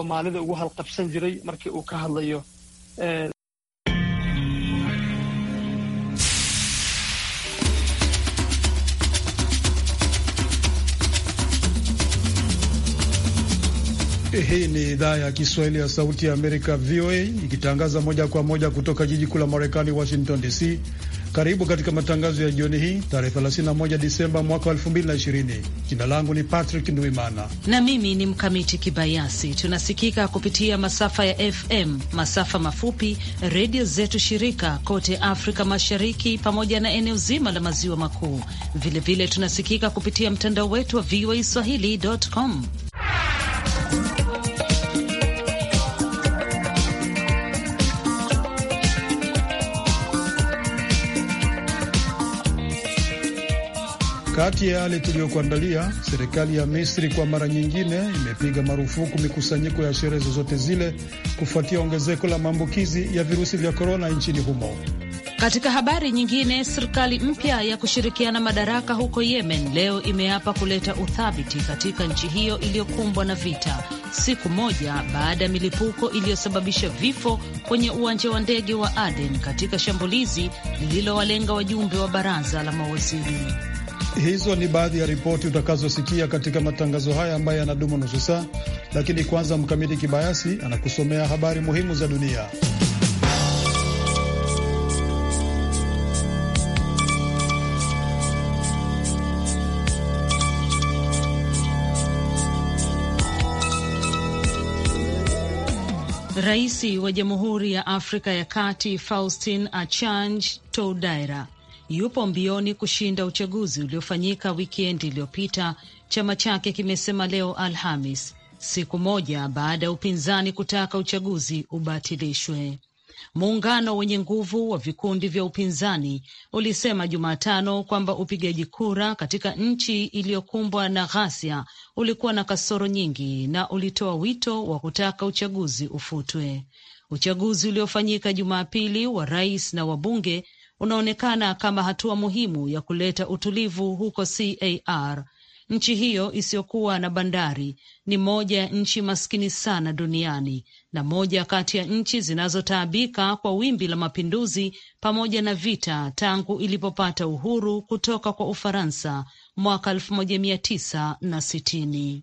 soomaalida ugu halqabsan jiray markii uu ka hadlayo ee, Hii ni idhaa ya Kiswahili ya Sauti ya Amerika, VOA, ikitangaza moja kwa moja kutoka jiji kuu la Marekani, Washington DC. Karibu katika matangazo ya jioni hii tarehe 31 Disemba mwaka 2020. Jina langu ni Patrick Ndwimana na mimi ni Mkamiti Kibayasi. Tunasikika kupitia masafa ya FM, masafa mafupi, redio zetu shirika kote Afrika Mashariki pamoja na eneo zima la maziwa makuu. Vilevile tunasikika kupitia mtandao wetu wa VOA swahili.com Kati ya yale tuliyokuandalia, serikali ya Misri kwa mara nyingine imepiga marufuku mikusanyiko ya sherehe zozote zile kufuatia ongezeko la maambukizi ya virusi vya korona nchini humo. Katika habari nyingine, serikali mpya ya kushirikiana madaraka huko Yemen leo imeapa kuleta uthabiti katika nchi hiyo iliyokumbwa na vita, siku moja baada ya milipuko iliyosababisha vifo kwenye uwanja wa ndege wa Aden katika shambulizi lililowalenga wajumbe wa baraza la mawaziri. Hizo ni baadhi ya ripoti utakazosikia katika matangazo haya ambayo yanadumu nusu saa, lakini kwanza Mkamiti Kibayasi anakusomea habari muhimu za dunia. Rais wa Jamhuri ya Afrika ya Kati Faustin achange toudaira yupo mbioni kushinda uchaguzi uliofanyika wikendi iliyopita, chama chake kimesema leo Alhamis, siku moja baada ya upinzani kutaka uchaguzi ubatilishwe. Muungano wenye nguvu wa vikundi vya upinzani ulisema Jumatano kwamba upigaji kura katika nchi iliyokumbwa na ghasia ulikuwa na kasoro nyingi na ulitoa wito wa kutaka uchaguzi ufutwe. Uchaguzi uliofanyika Jumapili wa rais na wabunge unaonekana kama hatua muhimu ya kuleta utulivu huko CAR. Nchi hiyo isiyokuwa na bandari ni moja ya nchi maskini sana duniani na moja kati ya nchi zinazotaabika kwa wimbi la mapinduzi pamoja na vita tangu ilipopata uhuru kutoka kwa Ufaransa mwaka 1960.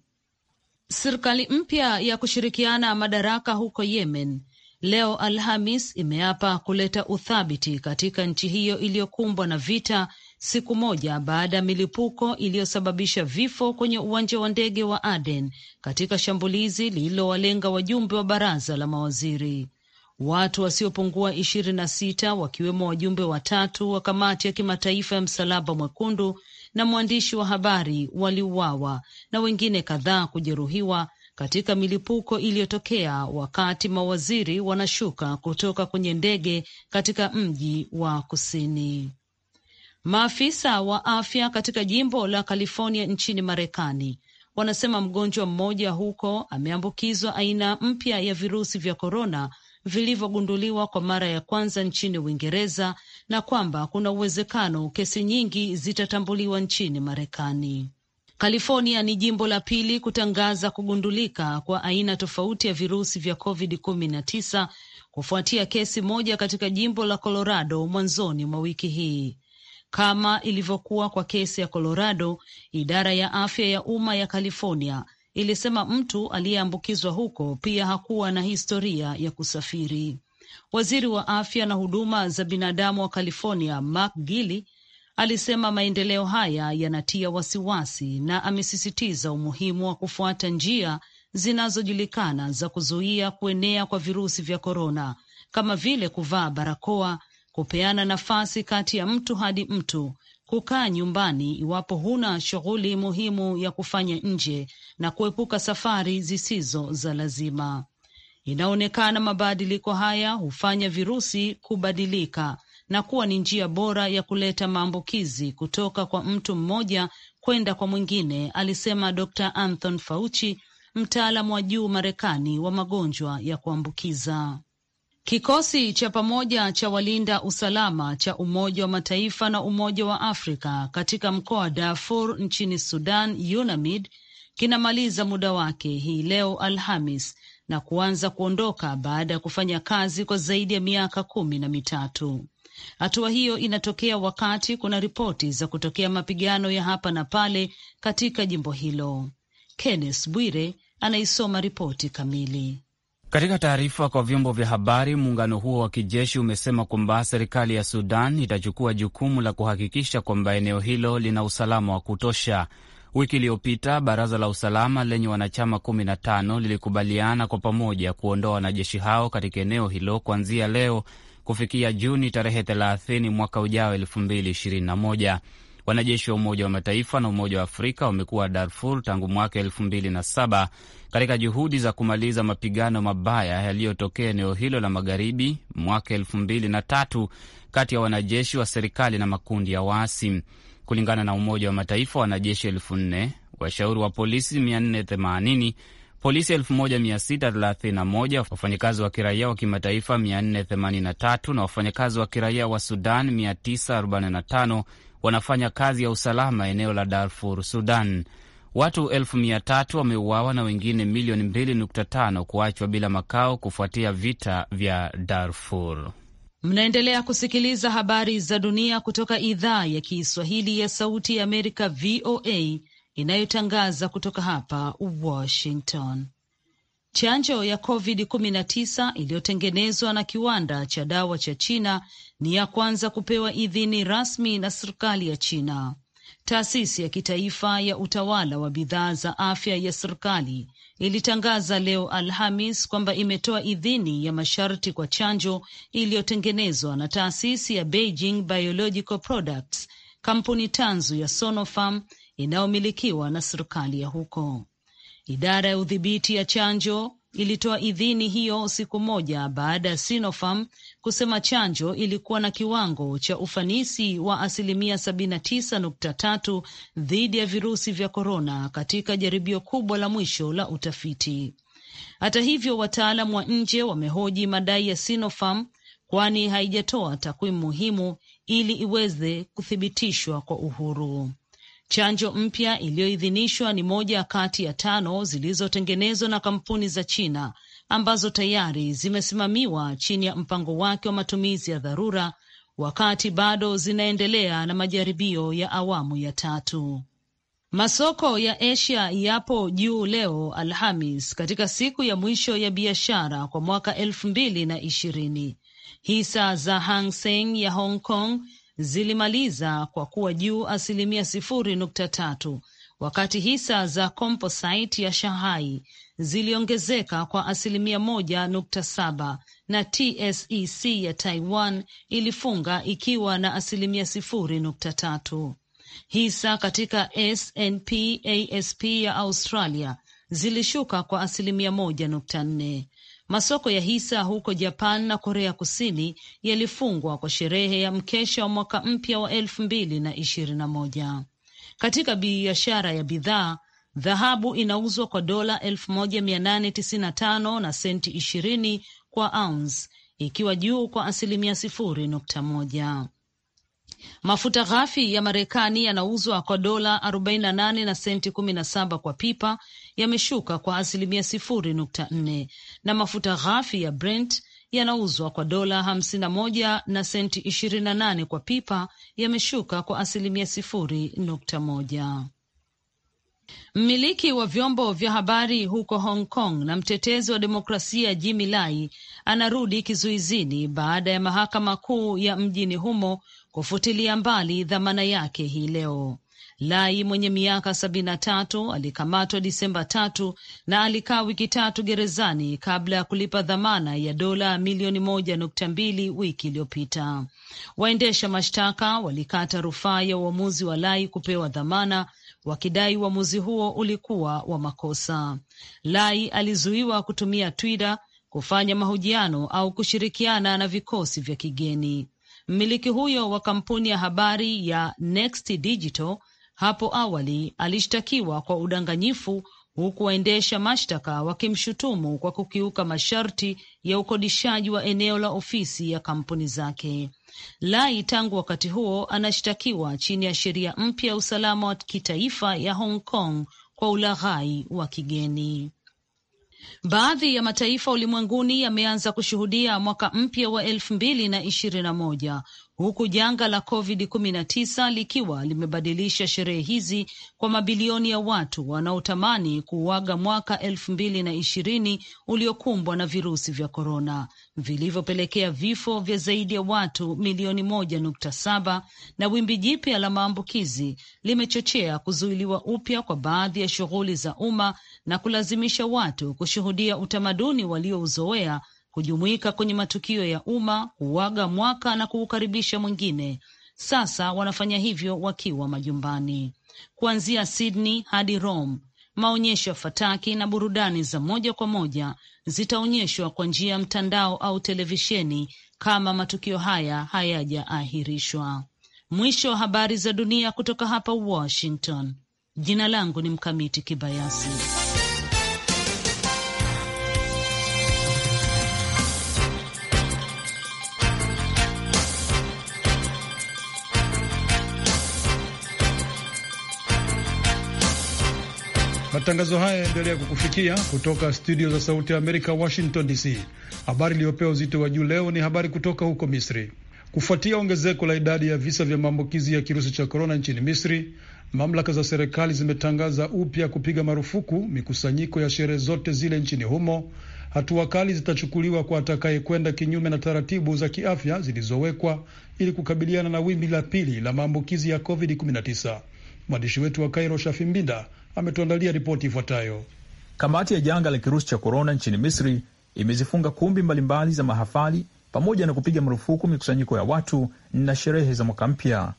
Serikali mpya ya kushirikiana madaraka huko Yemen leo Alhamis imeapa kuleta uthabiti katika nchi hiyo iliyokumbwa na vita, siku moja baada ya milipuko iliyosababisha vifo kwenye uwanja wa ndege wa Aden katika shambulizi lililowalenga wajumbe wa baraza la mawaziri. Watu wasiopungua ishirini na sita wakiwemo wajumbe watatu wa kamati ya kimataifa ya msalaba mwekundu na mwandishi wa habari waliuawa na wengine kadhaa kujeruhiwa katika milipuko iliyotokea wakati mawaziri wanashuka kutoka kwenye ndege katika mji wa kusini. Maafisa wa afya katika jimbo la California nchini Marekani wanasema mgonjwa mmoja huko ameambukizwa aina mpya ya virusi vya korona vilivyogunduliwa kwa mara ya kwanza nchini Uingereza na kwamba kuna uwezekano kesi nyingi zitatambuliwa nchini Marekani. California ni jimbo la pili kutangaza kugundulika kwa aina tofauti ya virusi vya COVID-19 kufuatia kesi moja katika jimbo la Colorado mwanzoni mwa wiki hii. Kama ilivyokuwa kwa kesi ya Colorado, idara ya afya ya umma ya California ilisema mtu aliyeambukizwa huko pia hakuwa na historia ya kusafiri. Waziri wa afya na huduma za binadamu wa California, Mark Gilley, alisema maendeleo haya yanatia wasiwasi na amesisitiza umuhimu wa kufuata njia zinazojulikana za kuzuia kuenea kwa virusi vya korona kama vile kuvaa barakoa, kupeana nafasi kati ya mtu hadi mtu, kukaa nyumbani iwapo huna shughuli muhimu ya kufanya nje na kuepuka safari zisizo za lazima. Inaonekana mabadiliko haya hufanya virusi kubadilika na kuwa ni njia bora ya kuleta maambukizi kutoka kwa mtu mmoja kwenda kwa mwingine, alisema Dr. Anthony Fauci, mtaalamu wa juu Marekani wa magonjwa ya kuambukiza. Kikosi cha pamoja cha walinda usalama cha Umoja wa Mataifa na Umoja wa Afrika katika mkoa wa Darfur nchini Sudan, UNAMID, kinamaliza muda wake hii leo Alhamis na kuanza kuondoka baada ya kufanya kazi kwa zaidi ya miaka kumi na mitatu. Hatua hiyo inatokea wakati kuna ripoti za kutokea mapigano ya hapa na pale katika jimbo hilo. Kenneth Bwire anaisoma ripoti kamili. Katika taarifa kwa vyombo vya habari, muungano huo wa kijeshi umesema kwamba serikali ya Sudan itachukua jukumu la kuhakikisha kwamba eneo hilo lina usalama wa kutosha. Wiki iliyopita baraza la usalama lenye wanachama 15 lilikubaliana kwa pamoja kuondoa wanajeshi hao katika eneo hilo kuanzia leo kufikia Juni tarehe 30 mwaka ujao 2021. Wanajeshi wa Umoja wa Mataifa na Umoja wa Afrika wamekuwa Darfur tangu mwaka 2007 katika juhudi za kumaliza mapigano mabaya yaliyotokea eneo hilo la magharibi mwaka 2003 kati ya wanajeshi wa serikali na makundi ya waasi. Kulingana na Umoja wa Mataifa, wanajeshi elfu nne washauri wa polisi polisi 1631 wafanyakazi wa kiraia wa kimataifa 483 na wafanyakazi wa kiraia wa Sudan 945 wanafanya kazi ya usalama eneo la Darfur, Sudan. Watu elfu wameuawa na wengine milioni 2.5 kuachwa bila makao kufuatia vita vya Darfur. Mnaendelea kusikiliza habari za dunia kutoka idhaa ya Kiswahili ya Sauti ya Amerika, VOA, inayotangaza kutoka hapa Washington. Chanjo ya COVID-19 iliyotengenezwa na kiwanda cha dawa cha China ni ya kwanza kupewa idhini rasmi na serikali ya China. Taasisi ya kitaifa ya utawala wa bidhaa za afya ya serikali ilitangaza leo Alhamis kwamba imetoa idhini ya masharti kwa chanjo iliyotengenezwa na taasisi ya Beijing Biological Products, kampuni tanzu ya Sinopharm inayomilikiwa na serikali ya huko. Idara ya udhibiti ya chanjo ilitoa idhini hiyo siku moja baada ya Sinopharm kusema chanjo ilikuwa na kiwango cha ufanisi wa asilimia 79.3 dhidi ya virusi vya korona katika jaribio kubwa la mwisho la utafiti. Hata hivyo, wataalam wa nje wamehoji madai ya Sinopharm kwani haijatoa takwimu muhimu ili iweze kuthibitishwa kwa uhuru. Chanjo mpya iliyoidhinishwa ni moja kati ya tano zilizotengenezwa na kampuni za China ambazo tayari zimesimamiwa chini ya mpango wake wa matumizi ya dharura, wakati bado zinaendelea na majaribio ya awamu ya tatu. Masoko ya Asia yapo juu leo Alhamis, katika siku ya mwisho ya biashara kwa mwaka elfu mbili na ishirini. Hisa za Hang Seng ya Hong Kong zilimaliza kwa kuwa juu asilimia sifuri nukta tatu wakati hisa za Composite ya Shanghai ziliongezeka kwa asilimia moja nukta saba na TSEC ya Taiwan ilifunga ikiwa na asilimia sifuri nukta tatu. Hisa katika SNP ASP ya Australia zilishuka kwa asilimia moja nukta nne. Masoko ya hisa huko Japan na Korea Kusini yalifungwa kwa sherehe ya mkesha wa mwaka mpya wa elfu mbili na ishirini na moja. Katika biashara ya bidhaa, dhahabu inauzwa kwa dola elfu moja mia nane tisini na tano na senti ishirini kwa ounce, ikiwa juu kwa asilimia sifuri nukta moja. Mafuta ghafi ya Marekani yanauzwa kwa dola 48 na senti 17 kwa pipa, yameshuka kwa asilimia sifuri nukta nne na mafuta ghafi ya Brent yanauzwa kwa dola hamsini na moja na senti ishirini na nane kwa pipa yameshuka kwa asilimia sifuri nukta moja. Mmiliki wa vyombo vya habari huko Hong Kong na mtetezi wa demokrasia Jimmy Lai anarudi kizuizini baada ya mahakama kuu ya mjini humo kufutilia mbali dhamana yake hii leo. Lai mwenye miaka sabini na tatu alikamatwa Disemba tatu na alikaa wiki tatu gerezani kabla ya kulipa dhamana ya dola milioni moja nukta mbili wiki iliyopita. Waendesha mashtaka walikata rufaa ya uamuzi wa Lai kupewa dhamana wakidai uamuzi huo ulikuwa wa makosa. Lai alizuiwa kutumia Twitter, kufanya mahojiano au kushirikiana na vikosi vya kigeni. Mmiliki huyo wa kampuni ya habari ya Next Digital hapo awali alishtakiwa kwa udanganyifu huku waendesha mashtaka wakimshutumu kwa kukiuka masharti ya ukodishaji wa eneo la ofisi ya kampuni zake. Lai tangu wakati huo anashtakiwa chini ya sheria mpya ya usalama wa kitaifa ya Hong Kong kwa ulaghai wa kigeni. Baadhi ya mataifa ulimwenguni yameanza kushuhudia mwaka mpya wa elfu mbili na ishirini na moja huku janga la COVID-19 likiwa limebadilisha sherehe hizi kwa mabilioni ya watu wanaotamani kuuaga mwaka elfu mbili na ishirini uliokumbwa na virusi vya korona vilivyopelekea vifo vya zaidi ya watu milioni moja nukta saba na wimbi jipya la maambukizi limechochea kuzuiliwa upya kwa baadhi ya shughuli za umma na kulazimisha watu kushuhudia utamaduni waliouzoea hujumuika kwenye matukio ya umma, huaga mwaka na kuukaribisha mwingine. Sasa wanafanya hivyo wakiwa majumbani. Kuanzia Sydney hadi Rome, maonyesho ya fataki na burudani za moja kwa moja zitaonyeshwa kwa njia ya mtandao au televisheni kama matukio haya hayajaahirishwa. Mwisho wa habari za dunia kutoka hapa Washington. Jina langu ni Mkamiti Kibayasi. Matangazo haya yaendelea kukufikia kutoka studio za Sauti ya Amerika, Washington DC. Habari iliyopewa uzito wa juu leo ni habari kutoka huko Misri. Kufuatia ongezeko la idadi ya visa vya maambukizi ya kirusi cha korona nchini Misri, mamlaka za serikali zimetangaza upya kupiga marufuku mikusanyiko ya sherehe zote zile nchini humo. Hatua kali zitachukuliwa kwa atakayekwenda kinyume na taratibu za kiafya zilizowekwa ili kukabiliana na wimbi la pili la maambukizi ya COVID-19. Mwandishi wetu wa Kairo, Shafi Mbinda, ametuandalia ripoti ifuatayo. Kamati ya janga la kirusi cha korona nchini Misri imezifunga kumbi mbalimbali za mahafali pamoja na kupiga marufuku mikusanyiko ya watu na sherehe za mwaka mpya.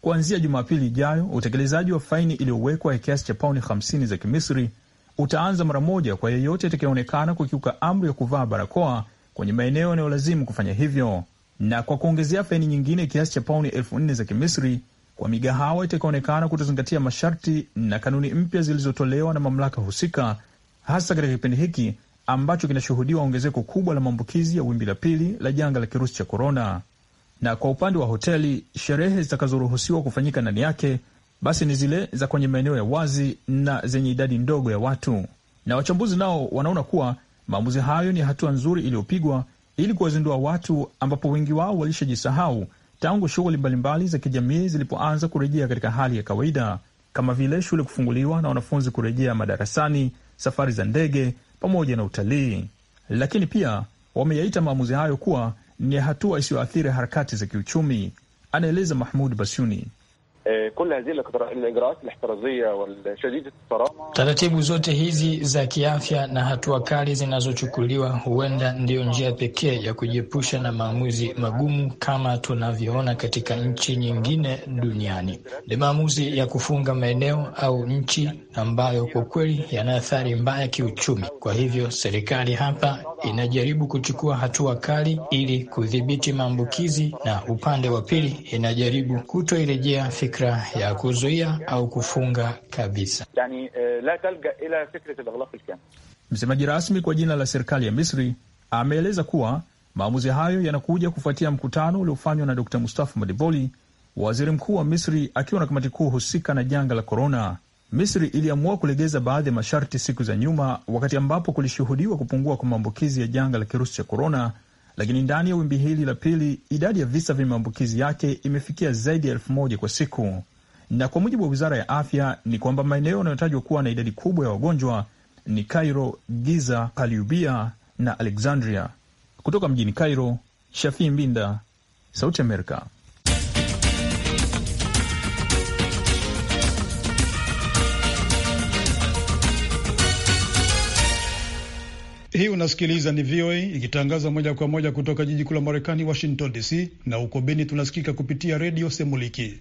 Kuanzia Jumapili ijayo, utekelezaji wa faini iliyowekwa ya kiasi cha pauni 50 za Kimisri utaanza mara moja kwa yeyote atakayeonekana kukiuka amri ya kuvaa barakoa kwenye maeneo yanayolazimu kufanya hivyo, na kwa kuongezea faini nyingine kiasi cha pauni elfu nne za Kimisri kwa migahawa itakaonekana kutozingatia masharti na kanuni mpya zilizotolewa na mamlaka husika, hasa katika kipindi hiki ambacho kinashuhudiwa ongezeko kubwa la maambukizi ya wimbi la pili la janga la kirusi cha korona. Na kwa upande wa hoteli, sherehe zitakazoruhusiwa kufanyika ndani yake basi ni zile za kwenye maeneo ya wazi na zenye idadi ndogo ya watu. Na wachambuzi nao wanaona kuwa maamuzi hayo ni hatua nzuri iliyopigwa ili kuwazindua watu, ambapo wengi wao walishajisahau tangu shughuli mbalimbali za kijamii zilipoanza kurejea katika hali ya kawaida kama vile shule kufunguliwa na wanafunzi kurejea madarasani, safari za ndege pamoja na utalii. Lakini pia wameyaita maamuzi hayo kuwa ni hatua isiyoathiri harakati za kiuchumi, anaeleza Mahmud Basuni, Kul hazil al-ijraat al-ihtirazia Taratibu zote hizi za kiafya na hatua kali zinazochukuliwa huenda ndiyo njia pekee ya kujiepusha na maamuzi magumu kama tunavyoona katika nchi nyingine duniani. Ni maamuzi ya kufunga maeneo au nchi ambayo kwa kweli yana athari mbaya kiuchumi. Kwa hivyo serikali hapa inajaribu kuchukua hatua kali ili kudhibiti maambukizi na upande wa pili inajaribu kutoirejea fikra ya kuzuia au kufunga kabisa. Eh, Msemaji rasmi kwa jina la serikali ya Misri ameeleza kuwa maamuzi hayo yanakuja kufuatia mkutano uliofanywa na Dr Mustafa Madiboli, waziri mkuu wa Misri, akiwa na kamati kuu husika na janga la korona. Misri iliamua kulegeza baadhi ya masharti siku za nyuma, wakati ambapo kulishuhudiwa kupungua kwa maambukizi ya janga la kirusi cha korona lakini ndani ya wimbi hili la pili idadi ya visa vya maambukizi yake imefikia zaidi ya elfu moja kwa siku, na kwa mujibu wa wizara ya afya ni kwamba maeneo yanayotajwa kuwa na idadi kubwa ya wagonjwa ni Cairo, Giza, Kaliubia na Alexandria. Kutoka mjini Cairo, Shafii Mbinda, Sauti Amerika. Hii unasikiliza ni VOA ikitangaza moja kwa moja kutoka jiji kuu la Marekani, Washington DC, na huko Beni tunasikika kupitia redio Semuliki.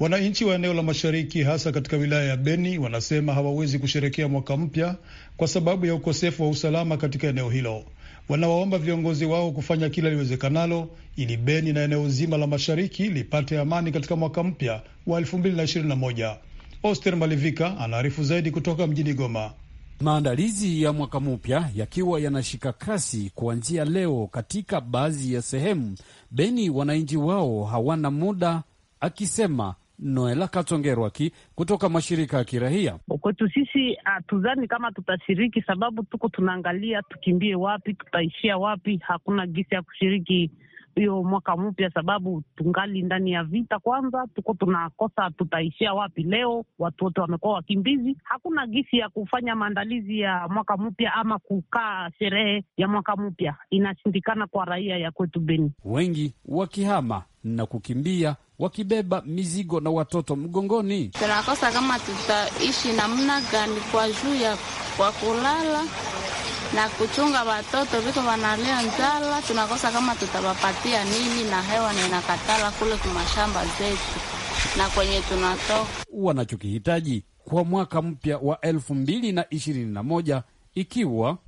Wananchi wa eneo la mashariki, hasa katika wilaya ya Beni, wanasema hawawezi kusherekea mwaka mpya kwa sababu ya ukosefu wa usalama katika eneo hilo. Wanawaomba viongozi wao kufanya kila liwezekanalo ili Beni na eneo zima la mashariki lipate amani katika mwaka mpya wa 2021. Oster Malivika anaarifu zaidi kutoka mjini Goma. Maandalizi ya mwaka mpya yakiwa yanashika kasi kuanzia leo katika baadhi ya sehemu Beni, wananchi wao hawana muda, akisema Noela Katongerwaki kutoka mashirika ya kirahia. Kwetu sisi hatudhani ah, kama tutashiriki, sababu tuko tunaangalia tukimbie wapi, tutaishia wapi. Hakuna gisi ya kushiriki hiyo mwaka mpya, sababu tungali ndani ya vita. Kwanza tuko tunakosa tutaishia wapi leo, watu wote wamekuwa wakimbizi, hakuna gisi ya kufanya maandalizi ya mwaka mpya ama kukaa sherehe ya mwaka mpya, inashindikana kwa raia ya kwetu Beni, wengi wakihama na kukimbia wakibeba mizigo na watoto mgongoni. Tunakosa kama tutaishi namna gani kwa juu ya kwa kulala na kuchunga watoto, viko wanalia njala, tunakosa kama tutawapatia nini, na hewa na inakatala kule kumashamba zetu na kwenye tunatoka. Wanachokihitaji kwa mwaka mpya wa elfu mbili na ishirini na moja ikiwa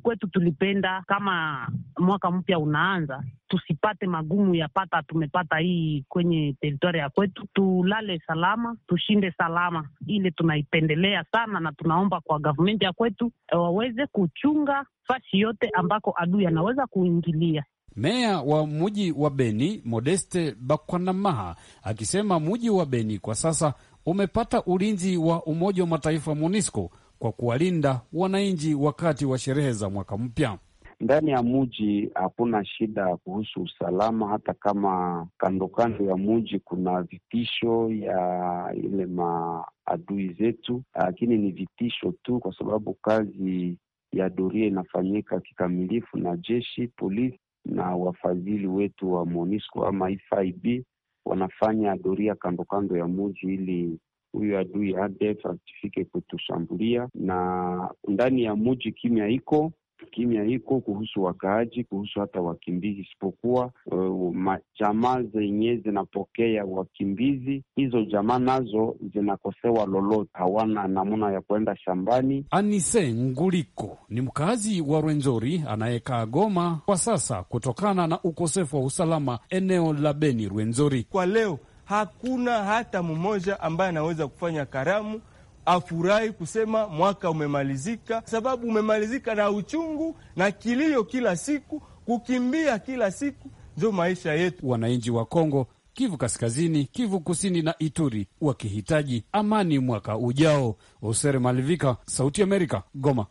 kwetu tulipenda kama mwaka mpya unaanza tusipate magumu ya pata tumepata hii kwenye teritoria ya kwetu, tulale salama, tushinde salama. Ile tunaipendelea sana, na tunaomba kwa gavumenti ya kwetu eh, waweze kuchunga fasi yote ambako adui anaweza kuingilia. Meya wa muji wa Beni Modeste Bakwanamaha akisema muji wa Beni kwa sasa umepata ulinzi wa Umoja wa Mataifa MONUSCO kwa kuwalinda wananchi wakati wa sherehe za mwaka mpya. Ndani ya muji hakuna shida kuhusu usalama, hata kama kando kando ya muji kuna vitisho ya ile maadui zetu, lakini ni vitisho tu, kwa sababu kazi ya doria inafanyika kikamilifu na jeshi polisi na wafadhili wetu wa MONUSCO ama FIB wanafanya doria kando kando ya muji ili huyu adui ADF asifike kutushambulia, na ndani ya muji kimya iko kimya iko kuhusu wakaaji, kuhusu hata wakimbizi, isipokuwa uh, zenye zinapokea wakimbizi, hizo jamaa nazo zinakosewa lolote, hawana namna ya kuenda shambani. Anise Nguliko ni mkazi wa Rwenzori anayekaa Goma kwa sasa kutokana na ukosefu wa usalama eneo la Beni Rwenzori. Kwa leo hakuna hata mmoja ambaye anaweza kufanya karamu afurahi kusema mwaka umemalizika, sababu umemalizika na uchungu na kilio kila siku, kukimbia kila siku, ndio maisha yetu. Wananchi wa Kongo, Kivu Kaskazini, Kivu Kusini na Ituri wakihitaji amani mwaka ujao. Osere Malivika, Sauti Amerika, Goma.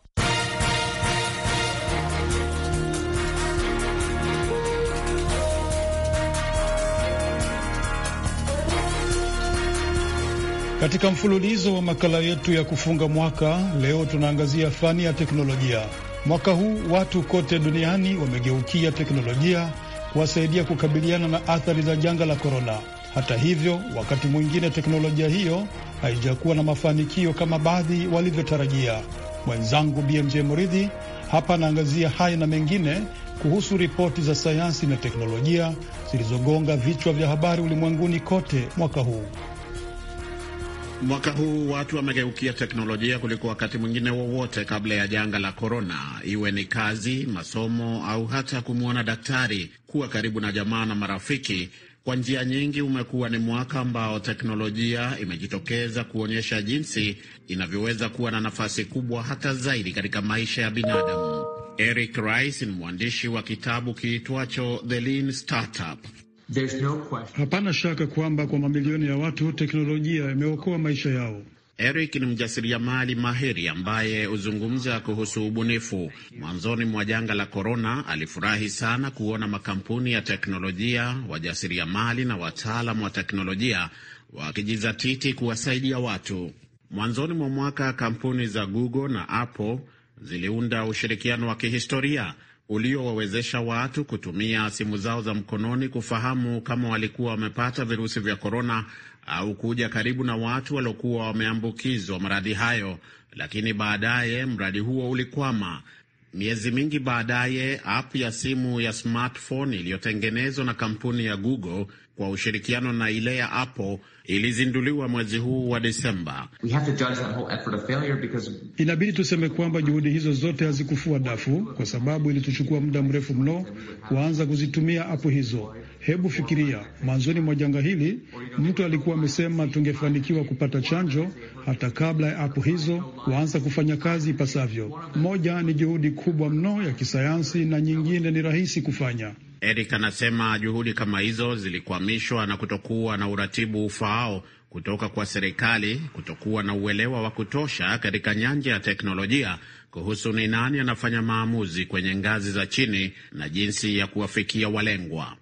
Katika mfululizo wa makala yetu ya kufunga mwaka, leo tunaangazia fani ya teknolojia. Mwaka huu watu kote duniani wamegeukia teknolojia kuwasaidia kukabiliana na athari za janga la korona. Hata hivyo, wakati mwingine teknolojia hiyo haijakuwa na mafanikio kama baadhi walivyotarajia. Mwenzangu BMJ Muridhi hapa anaangazia haya na mengine kuhusu ripoti za sayansi na teknolojia zilizogonga vichwa vya habari ulimwenguni kote mwaka huu. Mwaka huu watu wamegeukia teknolojia kuliko wakati mwingine wowote kabla ya janga la korona, iwe ni kazi, masomo au hata kumwona daktari. Kuwa karibu na jamaa na marafiki kwa njia nyingi umekuwa ni mwaka ambao teknolojia imejitokeza kuonyesha jinsi inavyoweza kuwa na nafasi kubwa hata zaidi katika maisha ya binadamu. Eric Rice ni mwandishi wa kitabu kiitwacho The Lean Startup. No, hapana shaka kwamba kwa mamilioni ya watu teknolojia imeokoa maisha yao. Eric ni mjasiriamali mahiri ambaye huzungumza kuhusu ubunifu. Mwanzoni mwa janga la korona, alifurahi sana kuona makampuni ya teknolojia, wajasiriamali na wataalamu wa teknolojia wakijizatiti kuwasaidia watu. Mwanzoni mwa mwaka, kampuni za Google na Apple ziliunda ushirikiano wa kihistoria uliowawezesha watu kutumia simu zao za mkononi kufahamu kama walikuwa wamepata virusi vya korona au kuja karibu na watu waliokuwa wameambukizwa maradhi hayo, lakini baadaye mradi huo ulikwama. Miezi mingi baadaye, app ya simu ya smartphone iliyotengenezwa na kampuni ya Google kwa ushirikiano na ile ya Apple ilizinduliwa mwezi huu wa Desemba. Inabidi tuseme kwamba juhudi hizo zote hazikufua dafu, kwa sababu ilituchukua muda mrefu mno kuanza kuzitumia apu hizo. Hebu fikiria, mwanzoni mwa janga hili mtu alikuwa amesema tungefanikiwa kupata chanjo hata kabla ya apu hizo kuanza kufanya kazi ipasavyo. Moja ni juhudi kubwa mno ya kisayansi na nyingine ni rahisi kufanya. Eric anasema juhudi kama hizo zilikwamishwa na kutokuwa na uratibu ufaao kutoka kwa serikali, kutokuwa na uelewa wa kutosha katika nyanja ya teknolojia kuhusu ni nani anafanya maamuzi kwenye ngazi za chini na jinsi ya kuwafikia walengwa.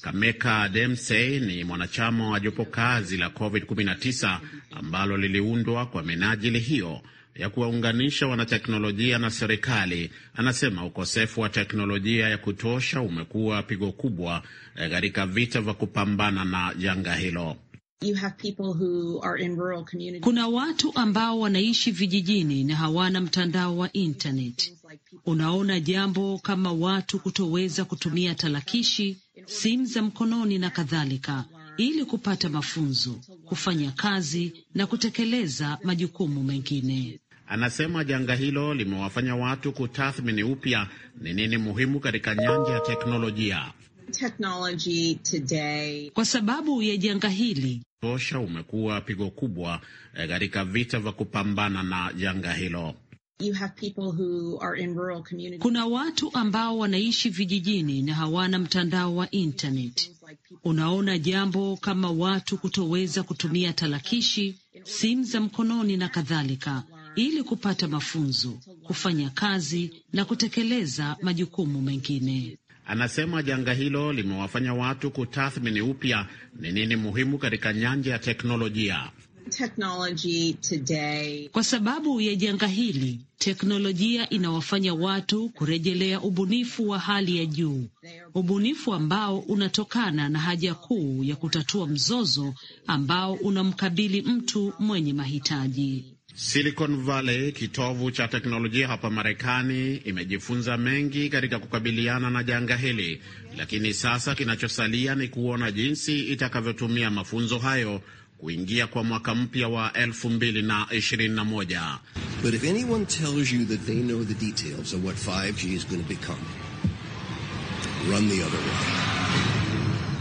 Kameka demsey ni mwanachama wa jopo kazi la COVID-19 ambalo liliundwa kwa minajili hiyo ya kuwaunganisha wanateknolojia na serikali. Anasema ukosefu wa teknolojia ya kutosha umekuwa pigo kubwa eh, katika vita vya kupambana na janga hilo. You have people who are in rural communities. Kuna watu ambao wanaishi vijijini na hawana mtandao wa intaneti. Unaona jambo kama watu kutoweza kutumia talakishi, simu za mkononi na kadhalika, ili kupata mafunzo, kufanya kazi na kutekeleza majukumu mengine. Anasema janga hilo limewafanya watu kutathmini upya ni nini muhimu katika nyanja ya teknolojia. Today, kwa sababu ya janga hili tosha umekuwa pigo kubwa eh, katika vita vya kupambana na janga hilo. You have people who are in rural communities. Kuna watu ambao wanaishi vijijini na hawana mtandao wa intaneti. Unaona jambo kama watu kutoweza kutumia talakishi, simu za mkononi na kadhalika ili kupata mafunzo, kufanya kazi na kutekeleza majukumu mengine. Anasema janga hilo limewafanya watu kutathmini upya ni nini muhimu katika nyanja ya teknolojia. Kwa sababu ya janga hili, teknolojia inawafanya watu kurejelea ubunifu wa hali ya juu, ubunifu ambao unatokana na haja kuu ya kutatua mzozo ambao unamkabili mtu mwenye mahitaji. Silicon Valley, kitovu cha teknolojia hapa Marekani, imejifunza mengi katika kukabiliana na janga hili, lakini sasa kinachosalia ni kuona jinsi itakavyotumia mafunzo hayo kuingia kwa mwaka mpya wa 2021. But if anyone tells you that they know the details of what 5G is going to become, run the other way.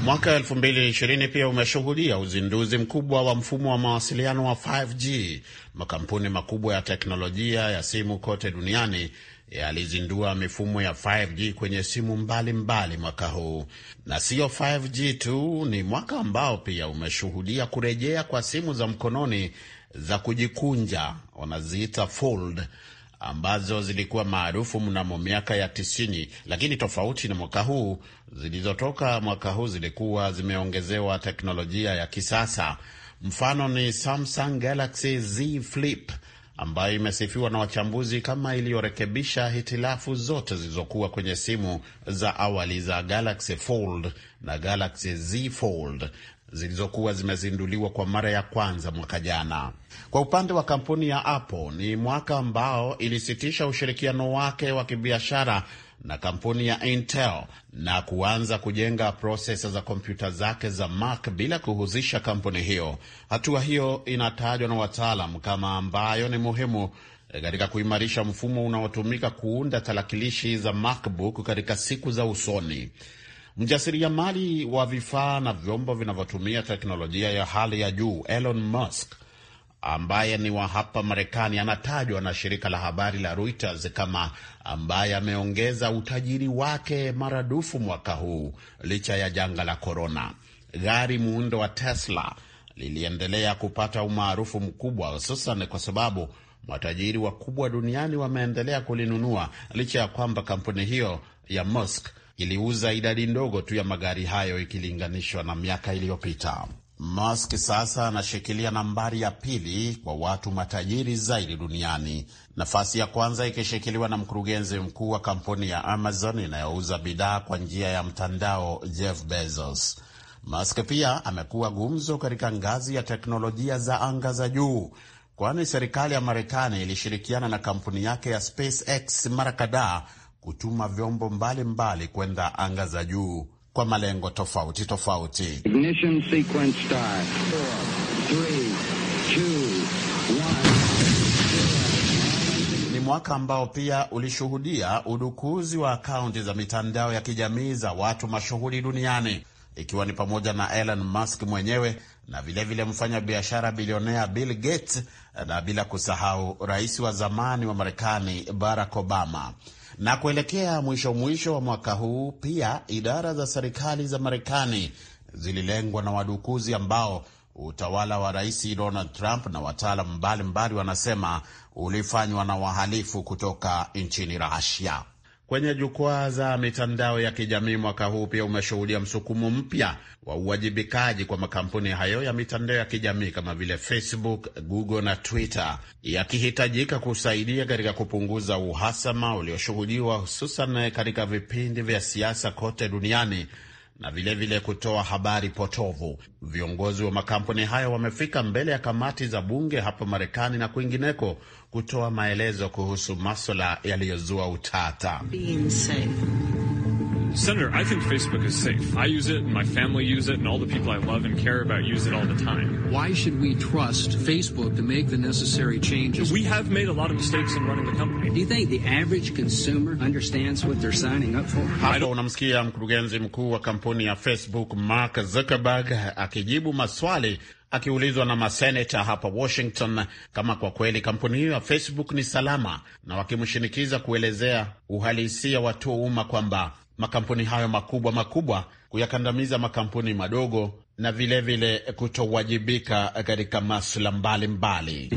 Mwaka 2020 pia umeshuhudia uzinduzi mkubwa wa mfumo wa mawasiliano wa 5G. Makampuni makubwa ya teknolojia ya simu kote duniani yalizindua mifumo ya 5G kwenye simu mbalimbali mbali mwaka huu. Na siyo 5G tu, ni mwaka ambao pia umeshuhudia kurejea kwa simu za mkononi za kujikunja, wanaziita fold ambazo zilikuwa maarufu mnamo miaka ya tisini, lakini tofauti na mwaka huu, zilizotoka mwaka huu zilikuwa zimeongezewa teknolojia ya kisasa. Mfano ni Samsung Galaxy Z Flip ambayo imesifiwa na wachambuzi kama iliyorekebisha hitilafu zote zilizokuwa kwenye simu za awali za Galaxy Fold na Galaxy Z Fold zilizokuwa zimezinduliwa kwa mara ya kwanza mwaka jana. Kwa upande wa kampuni ya Apple, ni mwaka ambao ilisitisha ushirikiano wake wa kibiashara na kampuni ya Intel na kuanza kujenga prosesa za kompyuta zake za Mac bila kuhusisha kampuni hiyo. Hatua hiyo inatajwa na wataalam kama ambayo ni muhimu e, katika kuimarisha mfumo unaotumika kuunda tarakilishi za MacBook katika siku za usoni. Mjasiriamali wa vifaa na vyombo vinavyotumia teknolojia ya hali ya juu Elon Musk ambaye ni wa hapa Marekani anatajwa na shirika la habari la Reuters kama ambaye ameongeza utajiri wake maradufu mwaka huu licha ya janga la korona. Gari muundo wa Tesla liliendelea kupata umaarufu mkubwa, hususan kwa sababu matajiri wakubwa duniani wameendelea kulinunua licha ya kwamba kampuni hiyo ya Musk iliuza idadi ndogo tu ya magari hayo ikilinganishwa na miaka iliyopita. Musk sasa anashikilia nambari ya pili kwa watu matajiri zaidi duniani, nafasi ya kwanza ikishikiliwa na mkurugenzi mkuu wa kampuni ya Amazon inayouza bidhaa kwa njia ya mtandao Jeff Bezos. Musk pia amekuwa gumzo katika ngazi ya teknolojia za anga za juu, kwani serikali ya Marekani ilishirikiana na kampuni yake ya SpaceX mara kadhaa kutuma vyombo mbalimbali kwenda anga za juu kwa malengo tofauti tofauti. Ni mwaka ambao pia ulishuhudia udukuzi wa akaunti za mitandao ya kijamii za watu mashuhuri duniani ikiwa ni pamoja na Elon Musk mwenyewe na vilevile mfanyabiashara bilionea Bill Gates na bila kusahau rais wa zamani wa Marekani Barack Obama. Na kuelekea mwisho mwisho wa mwaka huu, pia idara za serikali za Marekani zililengwa na wadukuzi ambao utawala wa Rais Donald Trump na wataalamu mbalimbali wanasema ulifanywa na wahalifu kutoka nchini Russia kwenye jukwaa za mitandao ya kijamii mwaka huu pia umeshuhudia msukumo mpya wa uwajibikaji kwa makampuni hayo ya mitandao ya kijamii kama vile Facebook, Google na Twitter yakihitajika kusaidia katika kupunguza uhasama ulioshuhudiwa hususan katika vipindi vya siasa kote duniani na vilevile vile kutoa habari potovu. Viongozi wa makampuni hayo wamefika mbele ya kamati za bunge hapa Marekani na kwingineko kutoa maelezo kuhusu maswala yaliyozua utata Being safe. Senator, I think Facebook is safe. I use it, and my family use it, and all the people I love and care about use it all the time. Why should we trust Facebook to make the necessary changes? We have made a lot of mistakes in running the company. Do you think the average consumer understands what they're signing up for? Hapo unamsikia mkurugenzi mkuu wa kampuni ya Facebook Mark Zuckerberg akijibu maswali akiulizwa na maseneta hapa Washington kama kwa kweli kampuni hiyo ya Facebook ni salama, na wakimshinikiza kuelezea uhalisia wa umma kwamba makampuni hayo makubwa makubwa kuyakandamiza makampuni madogo na vilevile kutowajibika katika masuala mbalimbali.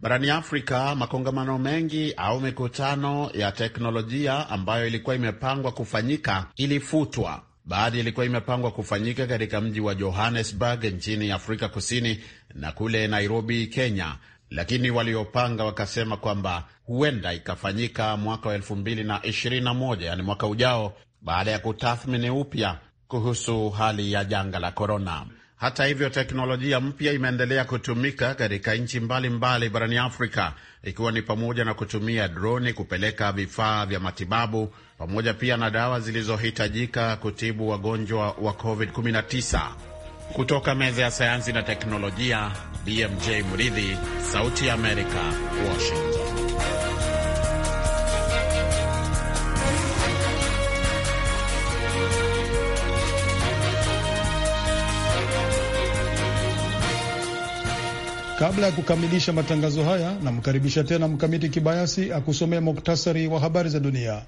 Barani Afrika, makongamano mengi au mikutano ya teknolojia ambayo ilikuwa imepangwa kufanyika ilifutwa. Baadhi ilikuwa imepangwa kufanyika katika mji wa Johannesburg nchini Afrika Kusini na kule Nairobi, Kenya lakini waliopanga wakasema kwamba huenda ikafanyika mwaka wa elfu mbili na ishirini na moja yani mwaka ujao, baada ya kutathmini upya kuhusu hali ya janga la korona. Hata hivyo, teknolojia mpya imeendelea kutumika katika nchi mbalimbali barani Afrika, ikiwa ni pamoja na kutumia droni kupeleka vifaa vya matibabu pamoja pia na dawa zilizohitajika kutibu wagonjwa wa COVID-19. Kutoka meza ya sayansi na teknolojia, BMJ Mridhi, Sauti ya Amerika, Washington. Kabla ya kukamilisha matangazo haya, namkaribisha tena Mkamiti Kibayasi akusomea muktasari wa habari za dunia.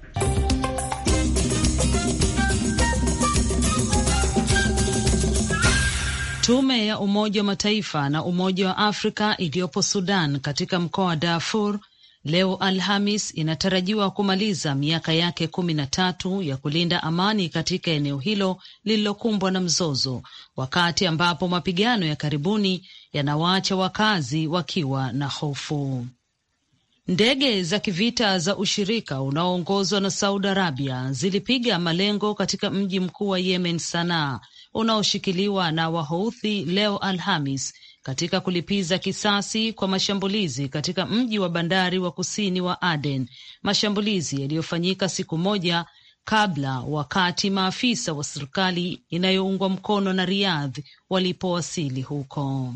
Tume ya Umoja wa Mataifa na Umoja wa Afrika iliyopo Sudan katika mkoa wa Darfur leo Alhamis inatarajiwa kumaliza miaka yake kumi na tatu ya kulinda amani katika eneo hilo lililokumbwa na mzozo, wakati ambapo mapigano ya karibuni yanawaacha wakazi wakiwa na hofu. Ndege za kivita za ushirika unaoongozwa na Saudi Arabia zilipiga malengo katika mji mkuu wa Yemen, Sanaa, unaoshikiliwa na Wahouthi leo Alhamis katika kulipiza kisasi kwa mashambulizi katika mji wa bandari wa kusini wa Aden, mashambulizi yaliyofanyika siku moja kabla, wakati maafisa wa serikali inayoungwa mkono na Riyadh walipowasili huko.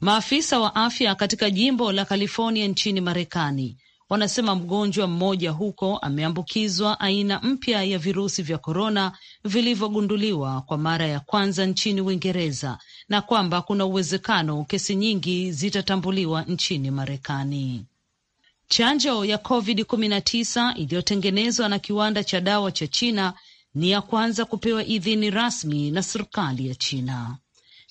Maafisa wa afya katika jimbo la California nchini Marekani wanasema mgonjwa mmoja huko ameambukizwa aina mpya ya virusi vya korona vilivyogunduliwa kwa mara ya kwanza nchini Uingereza na kwamba kuna uwezekano kesi nyingi zitatambuliwa nchini Marekani. Chanjo ya COVID-19 iliyotengenezwa na kiwanda cha dawa cha China ni ya kwanza kupewa idhini rasmi na serikali ya China.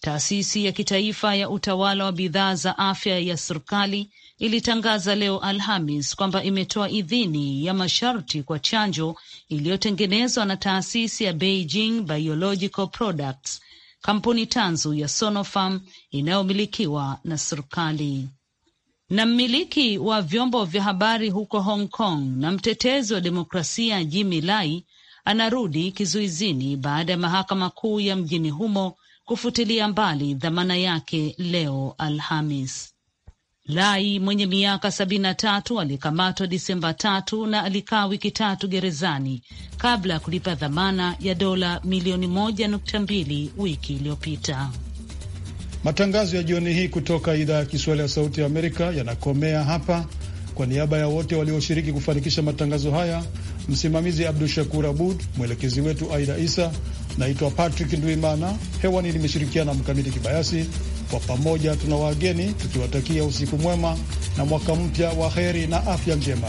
Taasisi ya kitaifa ya utawala wa bidhaa za afya ya serikali ilitangaza leo Alhamis kwamba imetoa idhini ya masharti kwa chanjo iliyotengenezwa na taasisi ya Beijing Biological Products, kampuni tanzu ya Sinopharm inayomilikiwa na serikali. Na mmiliki wa vyombo vya habari huko Hong Kong na mtetezi wa demokrasia Jimmy Lai anarudi kizuizini baada ya mahakama kuu ya mjini humo kufutilia mbali dhamana yake leo Alhamis. Lai mwenye miaka sabini na tatu alikamatwa Disemba tatu na alikaa wiki tatu gerezani kabla ya kulipa dhamana ya dola milioni moja nukta mbili wiki iliyopita. Matangazo ya jioni hii kutoka idhaa ya Kiswahili ya Sauti ya Amerika yanakomea hapa. Kwa niaba ya wote walioshiriki kufanikisha matangazo haya, msimamizi Abdu Shakur Abud, mwelekezi wetu Aida Isa. Naitwa Patrick Ndwimana, hewani limeshirikiana na Mkamiti Kibayasi. Kwa pamoja tuna wageni tukiwatakia usiku mwema na mwaka mpya wa heri na afya njema.